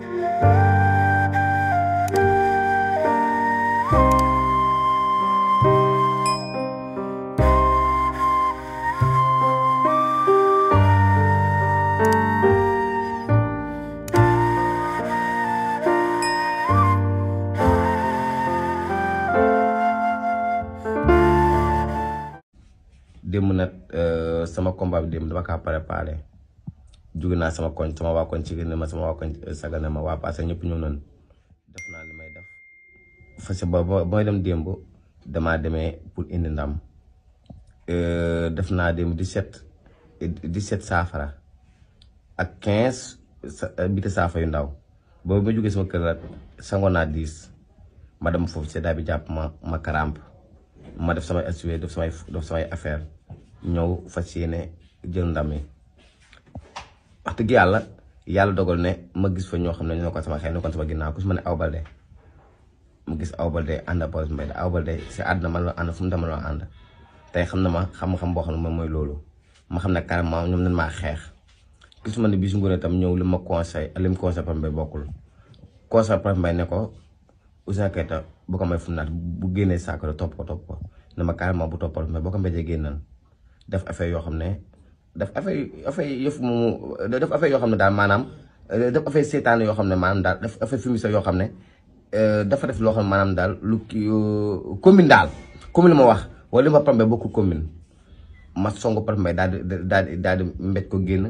démb nag euh, sama combat bi démb dama kaa préparé jóge naa sama koñ sama waa koñ ci ne ma sama waa koñ euh, sagal na ma waa passé ñëpp ñëw nañ def naa li may def fas ba ba dem démb damaa demee pour indi ndam euh, def naa démb dix-sept saafara ak quinze euh, biti saafa yu ndaw boobu ma jógee sama kër la sangoon naa dix ma dem foofu seddaay bi jàpp ma ma karamp ma def samay assurer def samay def affaire ñëw fas yéene jël ndam tëgg yàlla yàlla dogal ne ma gis fa ñoo xam ne ne ko sama xel ñoo ko sama ginnaaw ku si ma ne Awa Baldé ma gis Awa Baldé ànd ak Pawlish Mbaye Awa Baldé si àdduna man la ànd fu mu demaloo ànd tey xam na ma xam-xam boo xam ne moom mooy loolu ma xam ne carrément ñoom dañ maa xeex gisuma ne bisu tam ñëw li ma conseil li mu conseil Pawlish Mbaye bokkul conseil Pawlish Mbaye ne ko Ouzin Keita bu ko may fu naat bu génnee saako topp ko topp ko ne ma carrément bu toppal mais boo ko mbéjee génnan def affaire yoo xam ne daf affaire affaire yëf mu daf affaire yoo xam ne daal maanaam euh, daf affaire seetaan yoo xam ne maanaam daal daf affaire fumier yoo xam ne euh, dafa def loo xam ne maanaam daal lu euh, commune daal commune ma wax wala li ma Pambay ko commune ma songu Pambay daal di daal daal di mbéj ko génn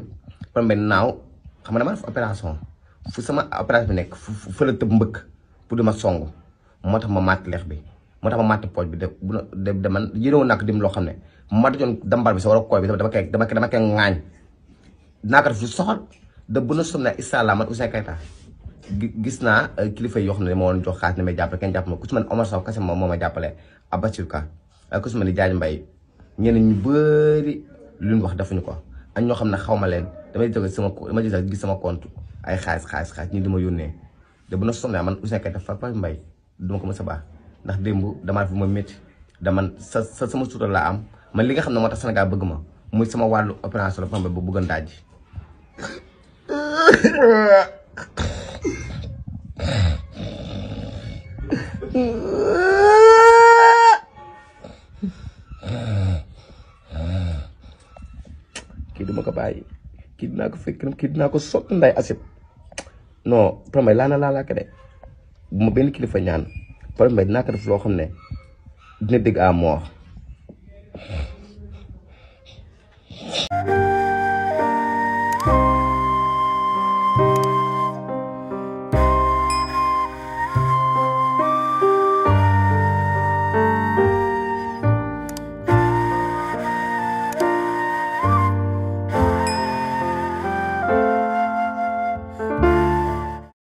Pambay naaw xam nga ma def opération fu sama opération bi nekk fu la tëb mbëkk pour de ma songu moo tax ma màtt leex bi. moo tax ma màtt pooj bi de bu de man yéenewoon naa ko dim loo xam ne ma dajoon dambar bi sa wala kooy bi dama koy dama koy dama koy ŋaañ naa ko def soxal de bu na som na isalla man Ouzin Keita gis naa euh, kilifa yoo xam ne ma woon jox xaalis ne may jàppale kenn jàpp ma ku ci man Omar Sow kese moom moo ma jàppale Abassir Ka ku ci man di Diagne lu ñu wax defuñu ko ak ñoo xam ne xaw ma leen damay jóge sama dama jóge gis sama compte ay xaalis xaalis xaalis ñii di ma yónnee de bu na som man Ouzin Keita fa mbay duma ko mës a ndax démb damaa fi ma métti dama sa sama sutura laa am man li nga xam ne moo tax Sénégal bëgg ma muy sama wàllu opération la fam bu bëggoon daaji kii ko bàyyi kii dinaa ko fekk kii dinaa ko sott nday ma benn kilifa ñaan par mbay dinaa ko def loo xam ne dina dégg à mort